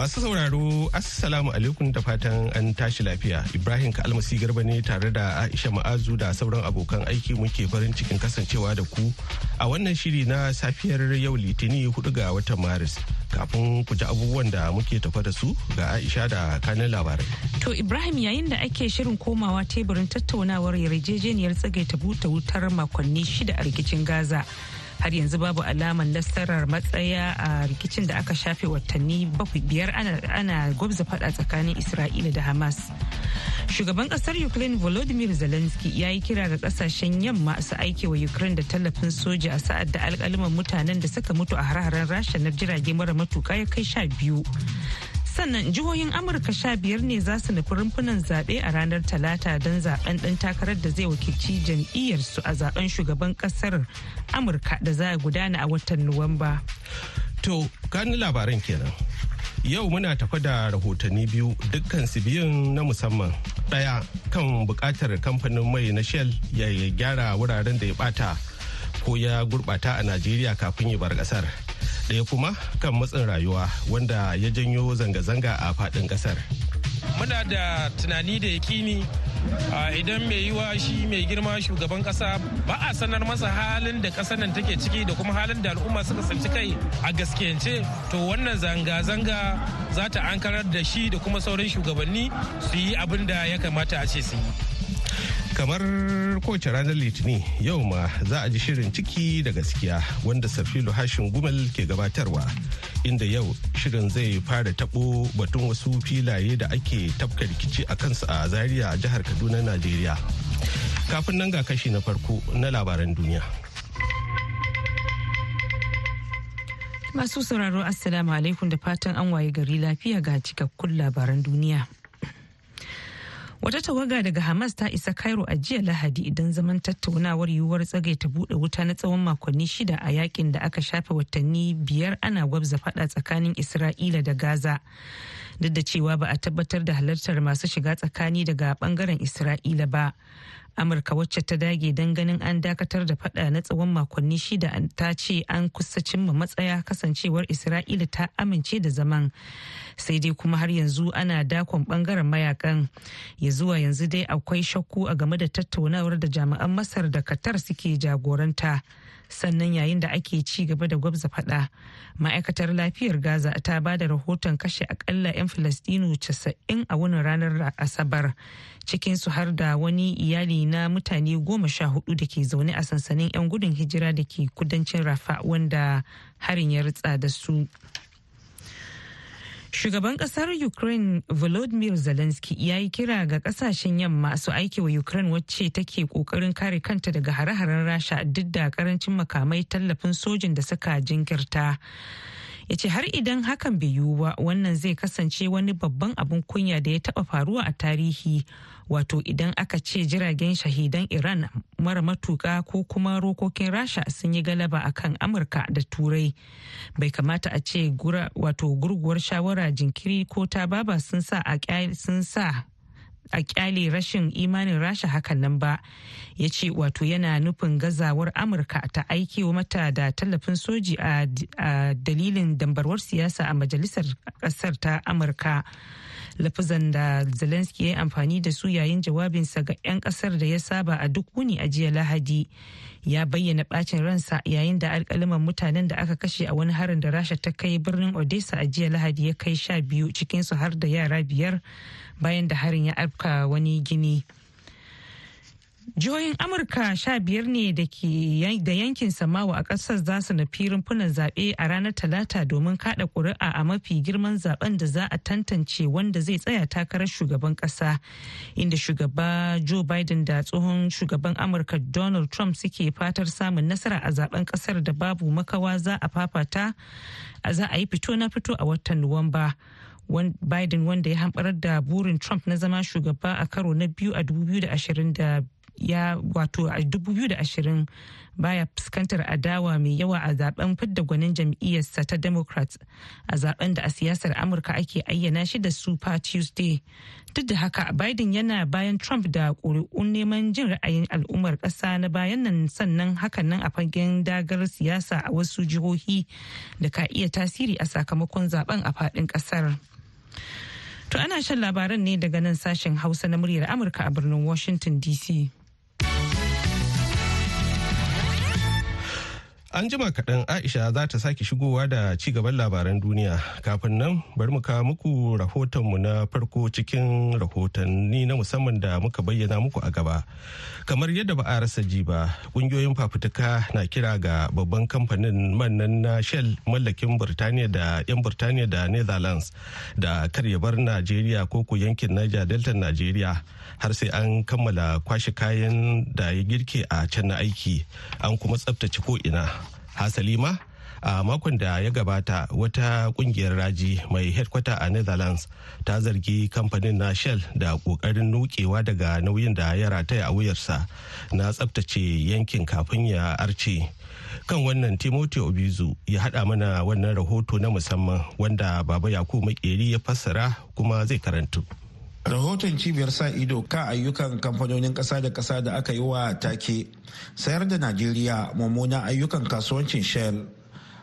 Masu sauraro, Assalamu alaikum da fatan an tashi lafiya. Ibrahim ka Kalmasi Garba ne tare da Aisha Ma'azu da sauran abokan aiki muke farin cikin kasancewa da ku a wannan shiri na safiyar yau Litini 4 ga watan Maris. Kafin ku ji abubuwan da muke tafa da su ga Aisha da kanin labarai. To Ibrahim yayin da ake shirin komawa teburin tattaunawar yarjejeniyar tsagaita buta wutar makonni shida a rikicin Gaza. har yanzu babu alamar lasarar matsaya a rikicin da aka shafe watanni bakwai biyar ana gwabza fada tsakanin isra'ila da hamas shugaban kasar ukraine volodymyr zelensky ya yi kira ga kasashen yamma su aike wa ukraine da tallafin soja a sa'ad da alkaliman mutanen da suka mutu a har-haren rasha na jirage mara matuka ya kai sha biyu sannan jihohin amurka sha biyar ne za su nufi rumfunan zaɓe a ranar talata don zaɓen ɗan takarar da zai wakilci jam'iyyarsu a zaɓen shugaban ƙasar amurka da za a gudana a watan nuwamba to gani labaran kenan yau muna tafa da rahotanni biyu dukkan su biyun na musamman ɗaya kan buƙatar kamfanin mai na shell ya gyara wuraren da ya ɓata ko ya gurɓata a najeriya kafin ya bar ƙasar ɗaya kuma kan matsin rayuwa wanda ya janyo zanga-zanga a faɗin ƙasar. Muna da tunani da yakini idan mai yiwa shi mai girma shugaban ƙasa ba a sanar masa halin da ƙasar nan take ciki da kuma halin da al'umma suka tsinci kai a gaskiyance to wannan zanga-zanga za ta ankarar da shi da kuma sauran shugabanni su yi abin da ya kamata a ce su yi. kamar kowace ranar litinin yau ma za a ji shirin ciki da gaskiya wanda sarfilu hashin gumel ke gabatarwa inda yau shirin zai fara tabo batun wasu filaye da ake tafka rikici a kansu a zaria jihar kaduna najeriya kafin nan ga kashi na farko na labaran duniya masu sauraro assalamu alaikum da fatan an waye gari lafiya ga cikakkun labaran duniya Wata tawaga daga Hamas ta isa Cairo a jiya Lahadi idan zaman tattaunawar yiwuwar tsagai ta buɗe wuta na tsawon makonni shida a yakin da aka shafe watanni biyar ana gwabza faɗa tsakanin Isra'ila da Gaza. duk da cewa ba a tabbatar da halartar masu shiga tsakani daga bangaren isra'ila ba amurka wacce ta dage don ganin an dakatar da fada na tsawon makonni shida ta ce an kusa cimma matsaya kasancewar isra'ila ta amince da zaman sai dai kuma har yanzu ana dakon bangaren mayakan ya zuwa yanzu dai akwai shakku a game da tattaunawar da jami'an masar da qatar suke jagoranta sannan yayin da ake ci gaba da gwabza fada ma'aikatar lafiyar gaza ta ba da rahoton kashe akalla 'yan filistinu 90 a wani ranar asabar cikinsu har da wani iyali na mutane goma sha hudu da ke zaune a sansanin 'yan gudun hijira da ke kudancin rafa wanda harin ya ritsa da su Shugaban kasar Ukraine Volodymyr Zelensky ya yi kira ga kasashen yamma su aiki wa Ukraine wacce take kokarin kare kanta daga hare-haren Rasha duk da karancin makamai tallafin sojin da suka jinkirta. ya ce har idan hakan bai yiwu ba wannan zai kasance wani babban abin kunya da ya taba faruwa a tarihi wato idan aka ce jiragen shahidan iran mara matuka ko kuma rokokin rasha sun yi galaba akan amurka da turai bai kamata a ce wato gurguwar shawara jinkiri ko ta baba sun sa a kyale rashin imanin rasha hakan nan ba ya ce wato yana nufin gazawar amurka ta aiki mata da tallafin soji a dalilin dambarwar siyasa a majalisar kasar ta amurka lafazan da zelensky ya amfani da su yayin jawabinsa ga 'yan kasar da ya saba a duk wuni a jiya lahadi ya bayyana bacin ransa yayin da alkalaman mutanen da aka kashe a wani harin da rasha ta kai birnin odessa a jiya lahadi ya kai sha biyu cikinsu har da yara biyar bayan da harin ya afka wani gini. jihohin amurka sha biyar ne da yankin samawa a ƙasar za su nufi rumfunan zaɓe a ranar talata domin kaɗa ƙuri'a a mafi girman zaben da za a tantance wanda zai tsaya takarar shugaban ƙasa inda shugaba joe biden da tsohon shugaban amurka donald trump suke fatar samun nasara a zaben ƙasar da babu makawa za a fafata za a yi fito na fito a watan nuwamba biden wanda ya hamɓarar da burin trump na zama shugaba a karo na biyu a 2020. ya wato a 2020 baya fuskantar adawa mai yawa a zaben fidda gwanin jam'iyyarsa ta democrats a zaben da a siyasar amurka ake ayyana shi da super tuesday duk da haka biden yana bayan trump da ƙuri'un neman jin ra'ayin al'ummar ƙasa na bayan nan sannan hakan nan a fagen dagar siyasa a wasu jihohi da ka iya tasiri a sakamakon zaben a faɗin ƙasar. To ana shan labaran ne daga nan sashen Hausa na muryar Amurka a birnin Washington DC. An jima kaɗan Aisha za ta sake shigowa da ci gaban labaran duniya. Kafin nan bari mu kawo muku rahotonmu na farko cikin rahotanni na musamman da muka bayyana muku a gaba. Kamar yadda ba a rasa ji ba, ƙungiyoyin fafutuka na kira ga babban kamfanin mannan na Shell mallakin Birtaniya da 'yan Birtaniya da Netherlands da kar ya bar Najeriya ko ku yankin Niger Delta Najeriya har sai an kammala kwashe kayan da ya girke a can na aiki an kuma tsabtace ko ina. Hasalima salima a makon da ya gabata wata kungiyar raji mai headquarter a netherlands ta zargi kamfanin na shell da kokarin nukewa daga nauyin da ya rataya a wuyarsa na tsabtace yankin kafin ya arce kan wannan timothy obizu ya hada mana wannan rahoto na musamman wanda baba yakubu makeri ya fassara kuma zai karantu rahoton cibiyar sa ido kan ayyukan kamfanonin ƙasa da ƙasa da aka yi wa take sayar da najeriya mummuna ayyukan kasuwancin shell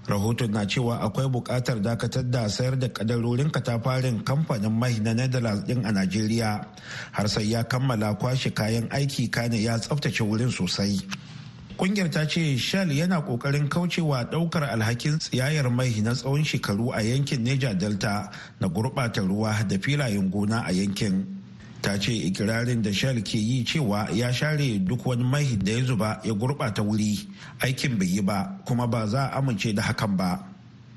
rahoton na cewa akwai buƙatar dakatar da sayar da kadarorin katafarin kamfanin mai na netherlands din a najeriya har sai ya kammala kwashe kayan aiki kane ya tsaftace wurin sosai kungiyar ta ce shell yana kokarin kaucewa daukar alhakin tsiyayar mai na tsawon shekaru a yankin niger delta na gurbata ruwa da filayen gona a yankin ta ce ikirarin da shell ke yi cewa ya share duk wani mai da ya zuba ya gurbata wuri aikin bai yi ba kuma ba za a amince da hakan ba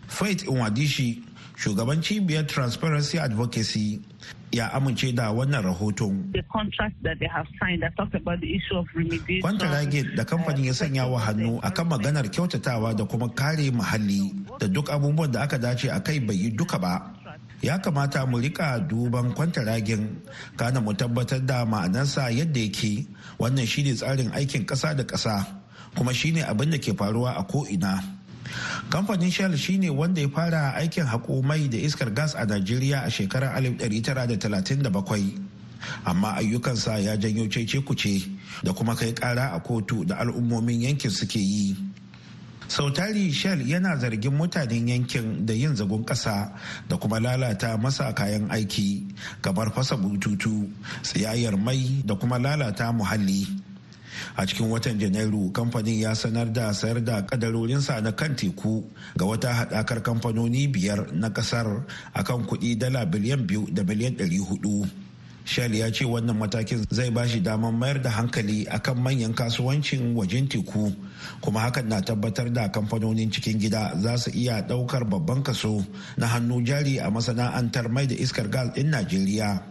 faith inwadishi shugaban cibiyar transparency advocacy ya amince da wannan rahoton. kwanta Kwantaragin da kamfanin ya sanya wa hannu akan maganar kyautatawa da kuma kare muhalli da duk abubuwan da aka dace a kai bai yi duka ba. Ya kamata mu rika duban kwanta ragin kana mu tabbatar da ma'anarsa yadda yake wannan shine tsarin aikin ƙasa da ƙasa kuma shine abin da ke faruwa a ko'ina. kamfanin shell shine wanda ya fara aikin haƙo mai da iskar gas a najeriya a shekarar 1937 amma ayyukansa ya janyo cece kuce da kuma kai kara a kotu da al'ummomin yankin suke yi sautari shell yana zargin mutanen yankin da yin zagon ƙasa da kuma lalata masa kayan aiki kamar fasa bututu tsayayyar mai da kuma lalata muhalli a cikin watan janairu kamfanin ya sanar da sayar da kadarorinsa na kan teku ga wata haɗakar kamfanoni biyar na ƙasar kan kuɗi dala biliyan biyu da biliyan ɗari hudu shell ya ce wannan matakin zai ba shi damar mayar da hankali akan manyan kasuwancin wajen teku kuma hakan na tabbatar da kamfanonin cikin gida za su iya ɗaukar babban kaso na hannu jari a masana'antar mai da iskar gas ɗin najeriya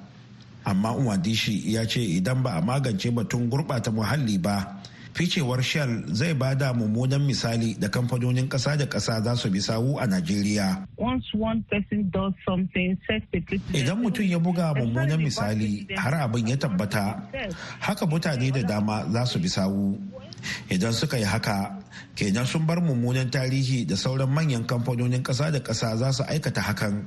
amma umadishi ya ce idan ba a magance batun gurɓata muhalli ba ficewar shell zai ba da mummunan misali da kamfanonin ƙasa da ƙasa za su bi sawu a najeriya idan mutum ya buga mummunan misali har abin ya tabbata haka mutane da dama za su bi sawu idan suka yi haka kenan sun bar mummunan tarihi da sauran manyan kamfanonin ƙasa da ƙasa za su aikata hakan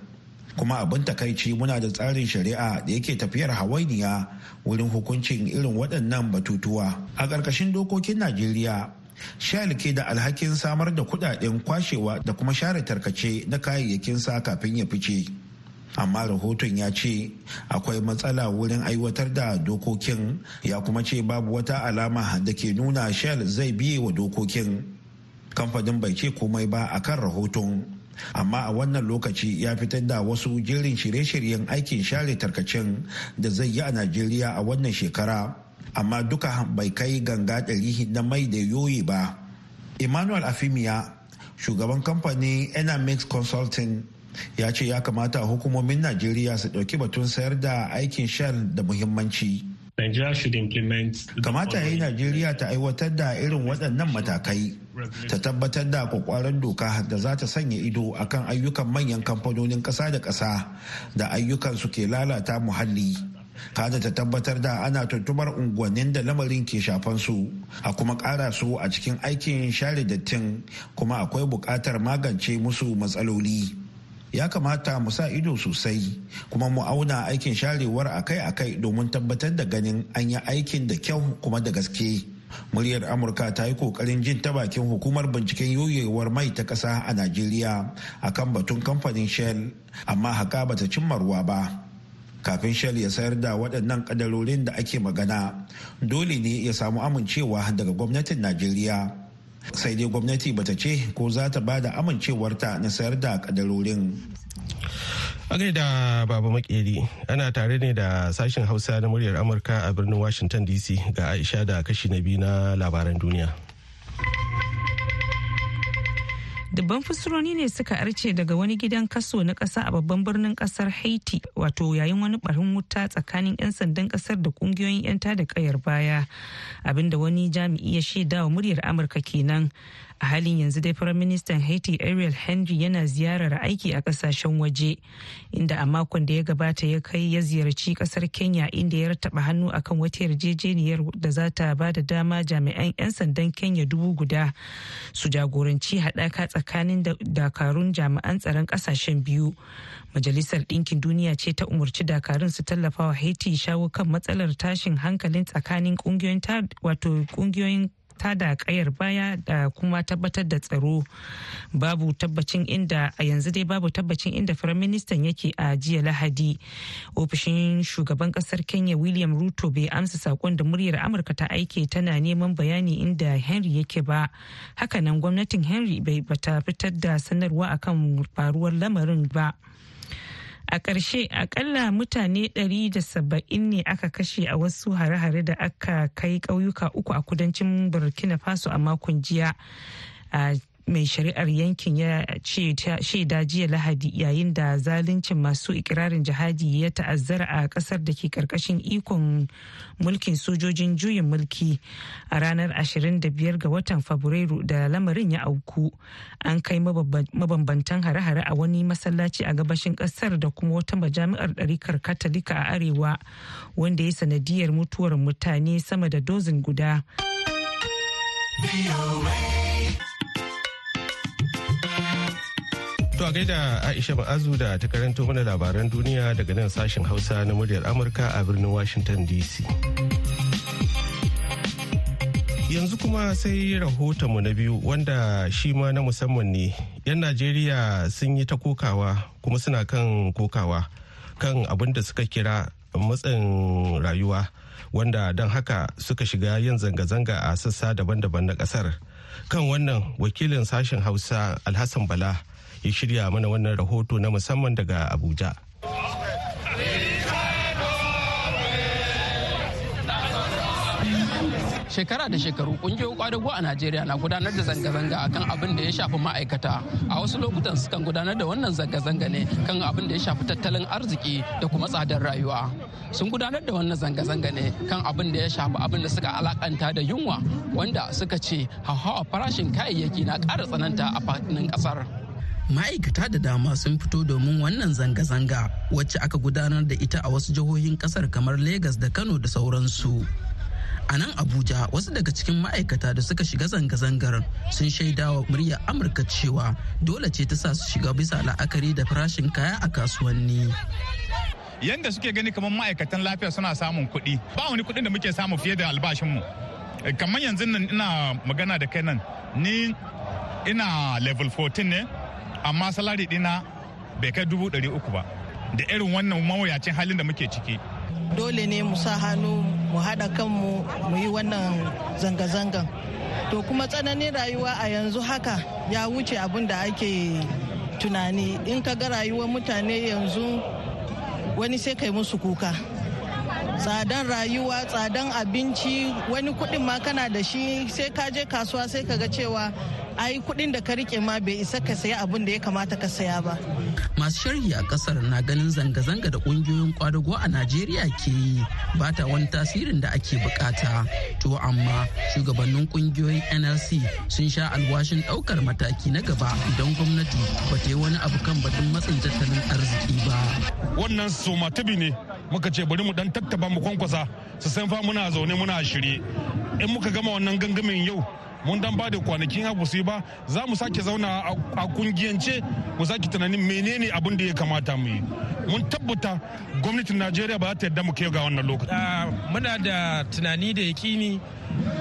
kuma abin takaici muna da tsarin shari'a da yake tafiyar hawainiya wurin hukuncin irin waɗannan batutuwa a ƙarƙashin dokokin najeriya shell ke da alhakin samar da kudaden kwashewa da kuma share tarkace na kayayyakin sa kafin ya fice amma rahoton ya ce akwai matsala wurin aiwatar da dokokin ya kuma ce babu wata alama da ke nuna shell zai biye wa dokokin kamfanin bai ce komai ba akan rahoton amma a wannan lokaci ya fitar da wasu jerin shirye-shiryen aikin share tarkacen da zai yi a najeriya a wannan shekara amma duka bai kai ganga ɗari na mai da yoyi ba emmanuel afimiya shugaban kamfanin enamix consulting ya ce ya kamata hukumomin najeriya su ɗauki batun sayar da aikin shan da muhimmanci kamata ya yi najeriya ta aiwatar da irin waɗannan matakai ta tabbatar da kwakwaran doka da za ta sanya ido akan ayyukan manyan kamfanonin ƙasa da ƙasa da ayyukan su ke lalata muhalli kada ta tabbatar da ana tuntumar unguwannin da lamarin ke shafan su a kuma ƙara su a cikin aikin share dattin kuma akwai buƙatar magance musu matsaloli ya kamata mu sa ido sosai kuma mu auna aikin sharewar akai-akai domin tabbatar da ganin an yi aikin da kyau kuma da gaske muryar amurka ta yi kokarin jin ta bakin hukumar binciken yoyewar mai ta kasa a najeriya akan batun kamfanin shell amma haka bata cimma ruwa ba kafin shell ya sayar da waɗannan kadarorin da ake magana dole ne ya samu amincewa daga gwamnatin najeriya sai dai gwamnati bata ce ko za ta ba da amincewarta na sayar da kadarorin A gaida Baba Makeri ana tare ne da sashen Hausa na muryar Amurka a birnin Washington DC ga Aisha da kashi na biyu na labaran duniya. Dubban fusuroni ne suka arce daga wani gidan kaso na kasa a babban birnin kasar Haiti wato yayin wani barin wuta tsakanin 'yan sandan kasar da kungiyoyin 'yan tada kayar baya abinda wani jami'i ya shaidawa muryar Amurka kenan a halin yanzu dai firaministan haiti ariel henry yana ziyarar aiki a kasashen waje inda a makon da ya gabata ya kai ya ziyarci kasar kenya inda ya rataba hannu akan wata yarjejeniyar da za ta ba da dama jami'an 'yan sandan kenya dubu guda su jagoranci haɗaka tsakanin dakarun jami'an tsaron kasashen biyu majalisar ɗinkin duniya ce ta umarci dakarun su tallafa wa haiti shawo kan matsalar tashin hankalin tsakanin ƙungiyoyin ta da kayar baya da kuma tabbatar da tsaro babu tabbacin inda a yanzu dai babu tabbacin inda firaministan yake a jiya lahadi ofishin shugaban kasar kenya william ruto bai amsa sakon da muryar amurka ta aike tana neman bayani inda henry yake ba hakanan gwamnatin henry bai bata fitar da sanarwa akan faruwar lamarin ba. a ƙarshe akalla mutane 170 ne aka kashe a wasu hare-hare da aka kai ƙauyuka uku a kudancin burkina faso a makon jiya a mai shari'ar yankin ya ce shaida jiya lahadi yayin da zaluncin masu ikirarin jihadi ya ta'azzara a kasar da ke karkashin ikon mulkin sojojin juyin mulki a ranar 25 ga watan fabrairu da lamarin ya auku an kai mabambantan hare-hare a wani masallaci a gabashin kasar da kuma wata majami'ar ɗarikar katolika a arewa wanda ya sanadiyar mutuwar mutane sama da dozin guda. To a gaida Aisha Ma'azu da ta karanto mana labaran duniya daga nan sashen Hausa na muryar Amurka a birnin Washington DC. Yanzu kuma sai rahotonmu na biyu wanda shi ma na musamman ne. 'Yan Najeriya sun yi ta kokawa kuma suna kan kokawa kan abin da suka kira matsin rayuwa wanda don haka suka shiga yin zanga-zanga a sassa daban-daban na kasar. Kan wannan wakilin sashen Hausa Alhassan Bala. ya shirya mana wannan rahoto na musamman daga abuja shekara da shekaru kungiyoyin kwadago a najeriya na gudanar da zanga-zanga akan abin da ya shafi ma'aikata a wasu lokutan sukan gudanar da wannan zanga-zanga ne kan abin da ya shafi tattalin arziki da kuma tsadar rayuwa sun gudanar da wannan zanga-zanga ne kan abin da ya shafi abin da suka alakanta da yunwa wanda suka ce hauhawa farashin kayayyaki na ƙara tsananta a fadin ƙasar ma'aikata da dama sun fito domin wannan zanga-zanga wacce aka gudanar da ita a wasu jihohin kasar kamar Legas da Kano da sauransu. A nan Abuja wasu daga cikin ma'aikata da suka shiga zanga-zangar sun shaidawa murya Amurka cewa dole ce ta sa su shiga bisa la'akari da farashin kaya a kasuwanni. Yanda suke gani kamar ma'aikatan lafiya suna samun kuɗi, ba wani kuɗin da muke samu fiye da albashinmu. Kamar yanzu nan ina magana da kai nan, ni ina level 14 ne, amma salari dina bai kai dubu ɗari uku ba da irin wannan mawuyacin halin da muke ciki dole ne mu sa hannu mu haɗa kanmu mu yi wannan zanga-zangan to kuma tsananin rayuwa a yanzu haka ya wuce abin da ake tunani in ka ga rayuwar mutane yanzu wani sai kai musu kuka tsadan rayuwa tsadan abinci wani kuɗin ma kana da shi sai ka je kasuwa sai ka ga cewa ai kuɗin da ka rike ma bai isa ka saya abin da ya kamata ka saya ba masu sharhi a kasar na ganin zanga-zanga da ƙungiyoyin kwadago a najeriya ke yi ba ta wani tasirin da ake bukata to amma shugabannin ƙungiyoyin nlc sun sha alwashin ɗaukar mataki na gaba idan gwamnati ba ta yi wani abu kan batun matsin tattalin arziki ba wannan matubi ne muka ce bari mu dan tattaba mu kwankwasa su san fa muna zaune muna shirye in muka gama wannan gangamin yau mun dan ba da kwanakin haku su ba za mu sake zauna a kungiyance mu sake tunanin menene abin da ya kamata mu yi mun tabbata gwamnatin najeriya ba za ta yarda mu kai ga wannan lokaci ah, muna da tunani da yakini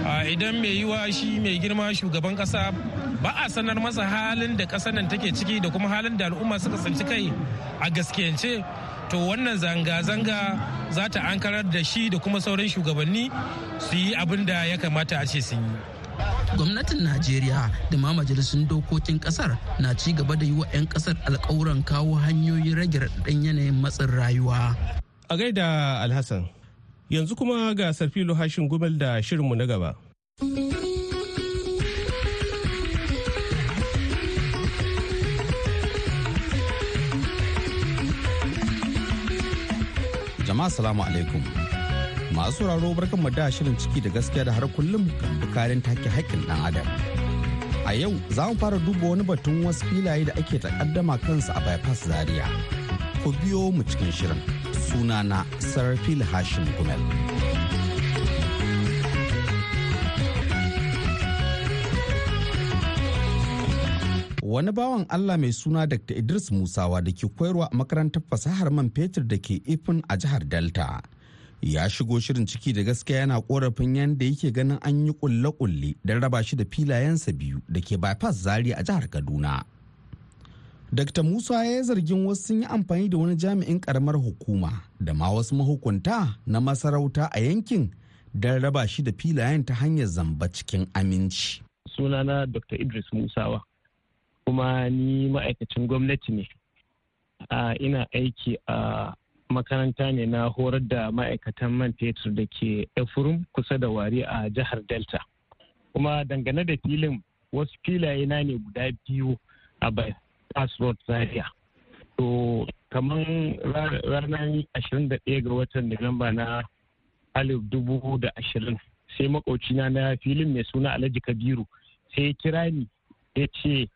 ah, idan mai yiwa shi mai girma shugaban kasa ba a sanar masa halin da kasar nan take ciki da kuma halin da al'umma suka sanci kai a gaskiyance to wannan zanga-zanga za ta ankarar da shi da kuma sauran shugabanni su yi abin da ya kamata a ce sun yi gwamnatin najeriya da ma majalisun dokokin kasar na ci gaba da yi wa 'yan kasar alkawuran kawo hanyoyin rage raɗaɗɗen yanayin matsin rayuwa a gaida alhassan yanzu kuma ga sarfilo hashin gumel da shirinmu na gaba. jama'a salamu alaikum masu sauraro barkan da shirin ciki da gaskiya da har kullum kan bukarin take haƙƙin dan adam a yau za mu fara duba wani batun wasu filaye da ake takaddama kansu a bypass zaria ku biyo mu cikin shirin sunana sarfil hashim gumel wani bawan Allah mai suna Dr. Idris Musawa da ke koyarwa a makarantar fasahar man fetur da ke Ifin a jihar Delta. Ya shigo shirin ciki da gaskiya yana korafin yadda yake ganin an yi kulle-kulle don raba shi da filayensa biyu da ke bypass zari a jihar Kaduna. Dr. Musa ya yi zargin wasu sun yi amfani da wani jami'in karamar hukuma da ma wasu mahukunta na masarauta a yankin don raba shi da filayen ta hanyar zamba cikin aminci. Sunana Dr. Idris Musawa. kuma ni ma'aikacin gwamnati ne ina aiki a makaranta ne na horar da ma'aikatan man fetur da ke efurum kusa da wari a jihar delta kuma dangane da filin wasu filaye na ne guda biyu a bypass road zaria to kamar ranar 21 ga watan Nuwamba na alif dubu da ashirin sai makocina na filin mai suna alhaji kabiru sai ya kira ni ya ce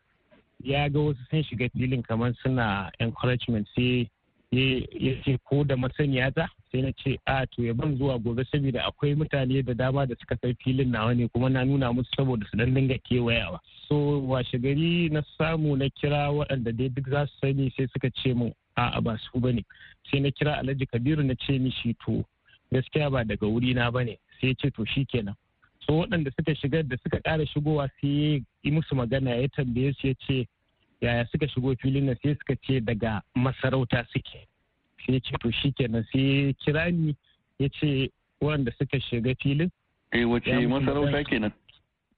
ya ga wasu sun shiga filin kamar suna encouragement sai ya ce ko da masaniya ta sai na ce a ah, to ya ban zuwa gobe saboda akwai mutane da dama da suka sai filin nawa ne kuma na nuna musu saboda su dan dinga kewayawa so washe gari na samu na kira waɗanda dai duk za su sani sai suka ce mu a'a ba su bane sai na kira alhaji kabiru na ce mishi to gaskiya ba daga wuri na bane sai ce to shikenan so waɗanda suka shigar da suka ƙara shigowa sai yi musu magana ya tambaye su ya ce yaya suka shigo filin nan sai suka ce daga masarauta suke sai ya ce to shi kenan sai kira ni ya ce waɗanda suka shiga filin eh wace masarauta kenan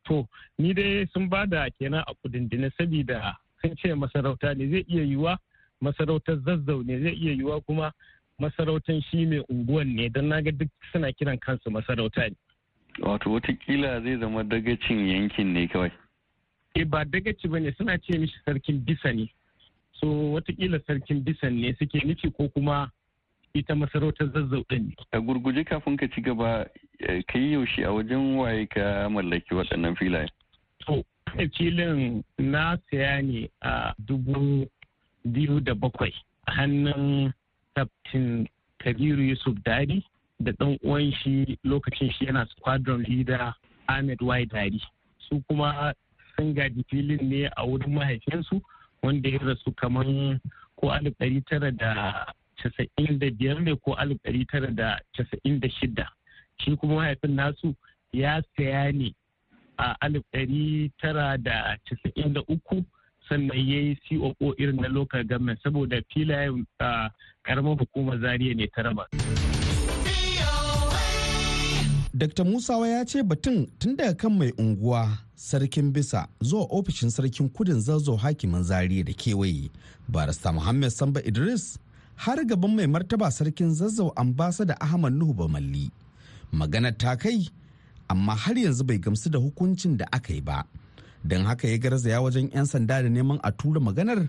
to ni dai sun ba da kenan a kudindina sabida sun ce masarauta ne zai iya yiwuwa masarautar zazzau ne zai iya yiwuwa kuma masarautar shi mai unguwan ne don naga duk suna kiran kansu masarauta ne Wato watakila zai zama dagacin yankin ne kawai. E ba dagaci ba ne suna ce mishi sarkin bisa ne. So watakila sarkin bisa ne suke nufi ko kuma ita masarautar zazzau ɗin ne. A gurguje kafin ka ci gaba eh, ka yi yaushe a wajen waye ka mallaki waɗannan filayen? To, filin na saya ne a dubu biyu da bakwai a hannun Captain Kabiru Yusuf Dadi da ɗan uwan shi lokacin shi yana squadron leader ahmed y dari su kuma sun filin ne a wurin mahaifinsu wanda ya rasu kamar ko alif ɗari tara da casa'in da biyar ne ko alif ɗari tara da casa'in da shida shi kuma mahaifin nasu ya saya ne a alif ɗari tara da casa'in da uku sannan ya yi coo irin na local government saboda filayen karamar hukumar zariya ne ta raba. Dr. Musawa ya ce batun tun daga kan mai unguwa sarkin bisa zuwa ofishin sarkin kudin zazzau hakimin zariya da kewaye barista Muhammad Samba Idris har gaban mai martaba sarkin zazzau ambasada Ahmad Nuhu Bamalli. Maganar ta kai amma har yanzu bai gamsu da hukuncin da aka yi ba. Don haka ya garzaya wajen 'yan sanda da neman a tura maganar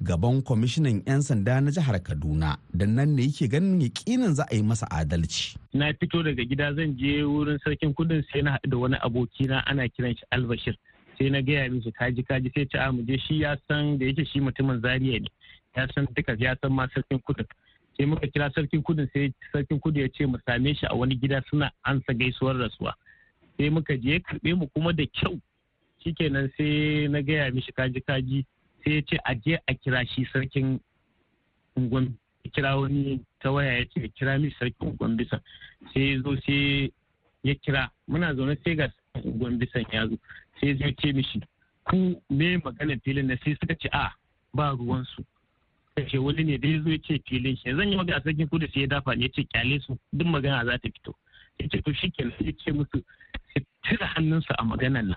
gaban kwamishinan 'yan sanda na jihar kaduna don nan ne yake ganin yakinin za a yi masa adalci na fito daga gida zan je wurin sarkin kudin sai na haɗu da wani abokina ana kiran shi albashir sai na gaya musu kaji kaji sai ta mu shi ya san da yake shi mutumin zaria ne ya san duka ya san ma sarkin kudin sai muka kira sarkin kudin sai sarkin kudu ya ce mu same shi a wani gida suna ansa gaisuwar rasuwa sai muka je karbe mu kuma da kyau shi shikenan sai na gaya mishi kaji kaji sai ya ce a je a kira shi sarkin ungon kira wani ta waya ya ce kira mi sarkin ungon bisa sai ya zo sai ya kira muna zaune sai ga ungon bisan ya zo sai ya ce mishi ku me magana filin na sai suka ce a ba ruwansu ce wani ne dai zo ya ce filin shi zan yi magana sarkin kudu sai ya dafa ne ya ce kyale su duk magana za ta fito ya ce to shikenan ya ce musu tira hannunsa a maganan nan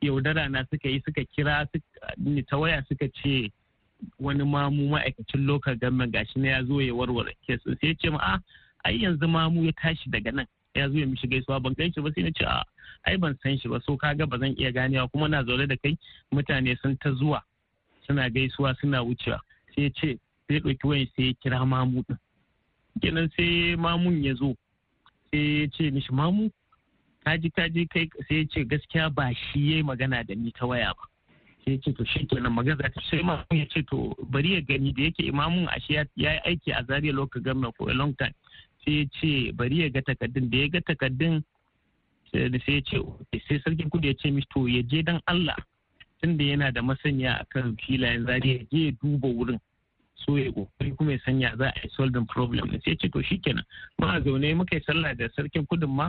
yaudara na suka yi suka kira ni ta waya suka ce wani mamu ma'aikacin local government gashi na ya zo ya warware kes sai ya ce ma a ah, ai yanzu mamu ya tashi daga nan ya zo ya mishi gaisuwa ban gan shi ba sai na ce a ah, ai ban san shi ba so kaga ba zan iya ganewa kuma na zaune da kai mutane sun ta zuwa suna gaisuwa suna wucewa sai ya ce sai ya ɗauki wayan sai ya kira mamu din kenan sai mamun ya zo sai ya ce mishi mamu ta je kai sai ya ce gaskiya ba shi ya yi magana da ni ta waya ba sai ya ce to shi kenan magana ta sai imamun ya ce to bari ya gani da yake imamun ashe ya yi aiki a zariya lokacin government ko a long time sai ya ce bari ya ga takaddun da ya ga takaddun sai ya ce sai sarkin kudu ya ce mi to ya je dan Allah tunda yana da masaniya akan filayen zariya ya je ya duba wurin so ya kokari kuma ya sanya za a yi solving problem sai ya ce to shi kenan ma a zaune muka yi sallah da sarkin kudin ma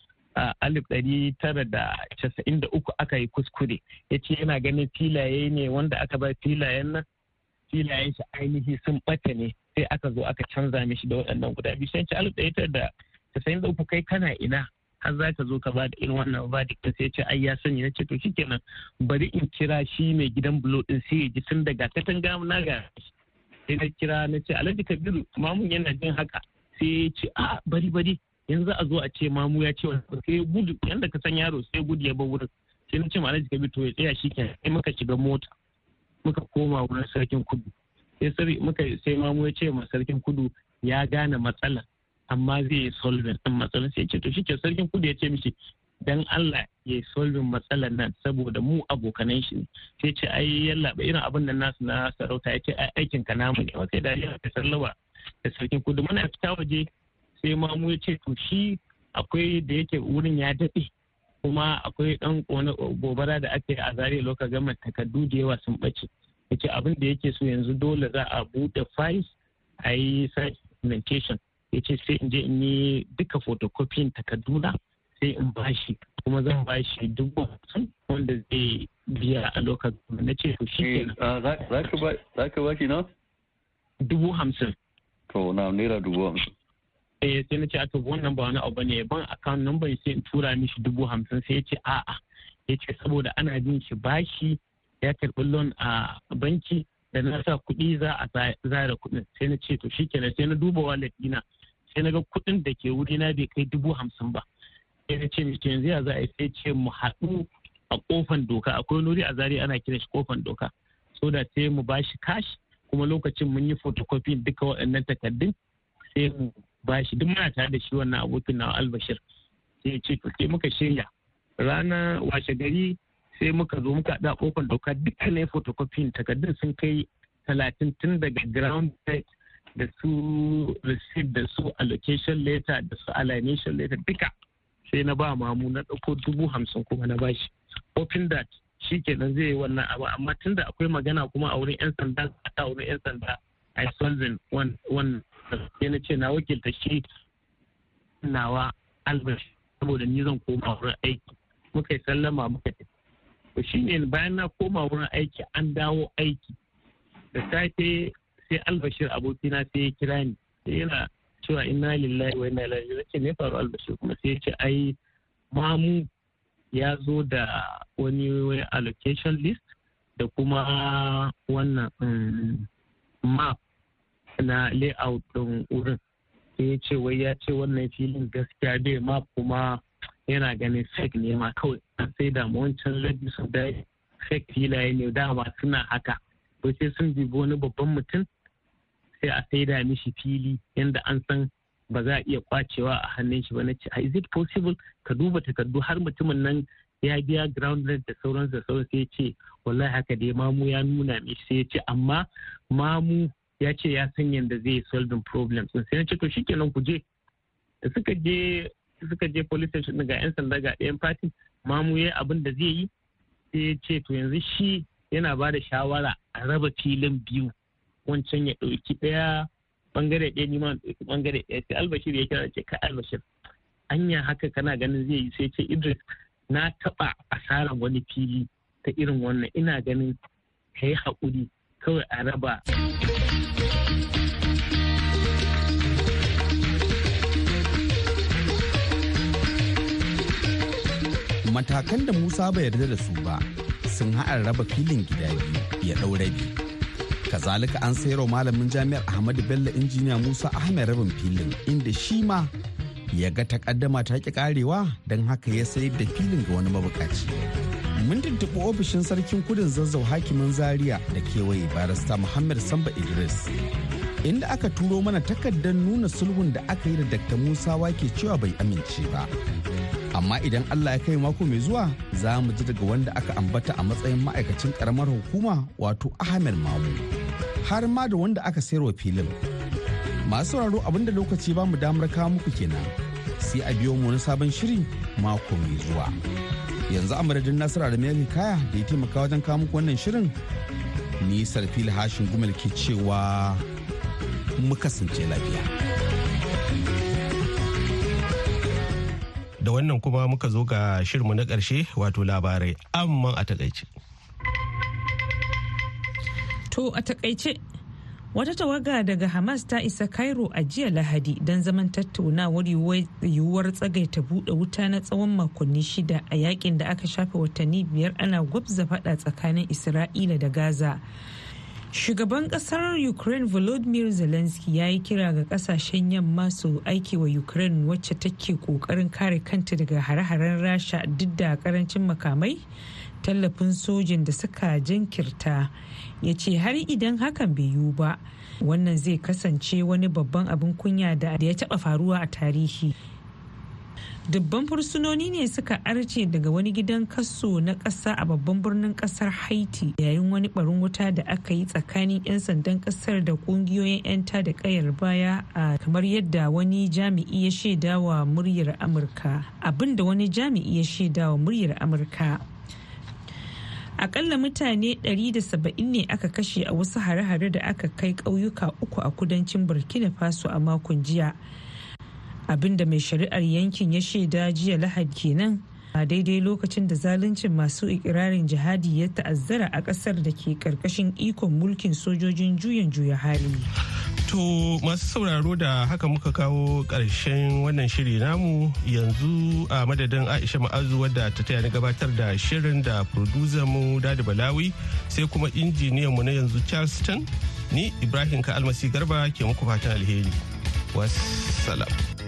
a alif ɗari tara da casa'in uku aka yi kuskure ya ce yana ganin filaye ne wanda aka bar filayen nan filayen shi ainihi sun ɓata ne sai aka zo aka canza mishi da waɗannan guda biyu sai alif ɗari tara da casa'in uku kai kana ina har za ka zo ka ba da irin wannan da sai ce ai ya sani na ce to shikenan bari in kira shi mai gidan bulo din sai ya ji tun daga katanga na ga sai na kira na ce alhaji kabiru mamun yana jin haka sai ya ce a bari bari yanzu a zo a ce mamu ya ce sai gudu yanda ka san yaro sai gudu ya bar wurin sai na ce ma alhaji kabi to ya tsaya shi ke sai muka shiga mota muka koma wurin sarkin kudu sai sai muka sai mamu ya ce ma sarkin kudu ya gane matsala amma zai yi solving din matsala sai ce to shi ke sarkin kudu ya ce mishi dan Allah ya yi solving matsalar nan saboda mu abokanan shi sai ce ai yalla irin abin nan nasu na sarauta ya ce aikin ka namu ne sai da ya sallawa da sarkin kudu muna fita waje sai mamu ya ce to shi akwai da yake wurin ya daɗe kuma akwai ɗan gobara da aka yi a zare lokacin gama takardu da yawa sun ɓace yace abin da yake so yanzu dole za a buɗe files a yi documentation ya ce sai in je in yi duka photocopying na sai in bashi kuma zan bashi dubban wanda zai biya a lokacin na ce to shi eh, ah, za ka bashi na dubu hamsin to na naira dubu hamsin eh sai na ce a to wannan ba wani abu ne ban account number sai in tura mishi dubu hamsin sai ya ce a'a ya ce saboda ana bin shi bashi ya karɓi loan a banki da na sa kuɗi za a zara kuɗin sai na ce to shikenan sai na duba wallet dina sai na ga kuɗin da ke wuri na bai kai dubu hamsin ba sai na ce mishi yanzu ya za a sai ce mu haɗu a kofan doka akwai nuri a zari ana kiran shi kofan doka so da sai mu bashi kashi kuma lokacin mun yi photocopy duka waɗannan takardun sai mu ba shi duk muna tare da shi wannan abokin na albashir sai ce to sai muka shirya rana washe gari sai muka zo muka da kofar doka dukkanin photocopy takardun sun kai talatin tun daga ground da su receipt da su allocation letter da su alienation letter duka sai na ba mamu na dauko dubu hamsin kuma na bashi open that shi kenan zai yi wannan abu amma tunda akwai magana kuma a wurin yan sanda a wurin yan sanda a solving wannan sai na ce na wakilta shi nawa albashi saboda ni zan koma wurin aiki muka yi sallama muka yi to ne bayan na koma wurin aiki an dawo aiki da safe sai albashir abokina sai ya kira ni sai yana cewa inna lillahi wa inna ilaihi raji'un ce ne faru albashir kuma sai ya ce ai mamu ya zo da wani allocation list da kuma wannan mm, map na layout ɗin wurin sai ya ce wai ya ce wannan filin gaskiya bai ma kuma yana ganin fake ne ma kawai sai da wancan su da fake filaye ne dama suna haka to sai sun bibi wani babban mutum sai a saida mishi fili yanda an san ba za a iya kwacewa a hannun shi ba na ce is it possible ka duba takardu har mutumin nan ya biya ground rent da sauransu da sauransu sai ce wallahi haka dai mamu ya nuna mishi sai ya ce amma mamu ya ce ya san yadda zai solving problems sai na ce to shikenan ku je da suka je suka je police station ga yan sanda ga ɗayan party mamu ya abin da zai yi sai ya ce to yanzu shi yana ba da shawara a raba filin biyu wancan ya ɗauki ɗaya bangare ɗaya ni ma ɗauki bangare ɗaya sai albashir ya kira ce ka albashir anya haka kana ganin zai yi sai ce idris na taɓa asarar wani fili ta irin wannan ina ganin ka hakuri kawai a raba. matakan da musa bai yarda da su ba sun haɗa raba filin gida biyu ya ɗau rabi kazalika an sayarwa malamin jami'ar ahmadu bello injiniya musa ahmed rabin filin inda shi ma ya ga takaddama ta ki karewa don haka ya sayar da filin ga wani mabukaci mun tuntuɓi ofishin sarkin kudin zazzau hakimin zaria da kewaye barista muhammad samba idris inda aka turo mana takardar nuna sulhun da aka yi da dr musa wake cewa bai amince ba amma idan allah ya kai mako mai zuwa za mu ji daga wanda aka ambata a matsayin ma'aikacin karamar hukuma wato ahmed mamu har ma da wanda aka sayar wa filin masu sauraro abinda lokaci ba mu damar kawo muku kenan sai a biyo mu wani sabon shiri mako mai zuwa yanzu a madadin nasara da mai kaya da ya taimaka wajen kawo muku wannan shirin ni sarfil hashin gumel ke cewa mu kasance lafiya. da wannan kuma muka zo ga shirmu na ƙarshe wato labarai amma a takaice. To a takaice wata tawaga daga Hamas ta isa Cairo a jiya Lahadi don zaman tattaunawar yiwuwar tsagaita buɗe wuta na tsawon makonni shida a yakin da aka shafe watanni biyar ana gwabza faɗa tsakanin Isra'ila da Gaza. Shugaban kasar Ukraine Volodymyr Zelensky ya yi kira ga kasashen yamma su aiki wa Ukraine wacce take kokarin kare kanta daga hare-haren Rasha duk da karancin makamai, tallafin sojin da suka jinkirta. Ya ce har idan hakan bai yiwu ba, wannan zai kasance wani babban abin kunya da ya taɓa faruwa a tarihi. dubban fursunoni ne suka arce daga wani gidan kaso na kasa a babban birnin kasar haiti yayin wani barin wuta da aka yi tsakanin 'yan sandan kasar da ƙungiyoyin 'yan da kayar baya a kamar yadda wani jami'i ya shaidawa muryar amurka da wani jami'i ya shaidawa muryar amurka akalla mutane 170 ne aka kashe a wasu hare-hare da aka kai ƙauyuka uku a kudancin burkina faso a makon jiya abinda mai shari'ar yankin ya shaida jiya lahad kenan a daidai lokacin da zaluncin masu ikirarin jihadi ya ta'azzara a kasar da ke karkashin ikon mulkin sojojin juyan juya hali. To masu sauraro da haka muka kawo karshen wannan shiri namu yanzu a madadin Aisha Ma'azu wadda ta taya na gabatar da shirin da producer mu Dadi Balawi sai kuma injiniyan mu na yanzu Charleston ni Ibrahim Ka Almasi Garba ke muku fatan alheri. Wassalam.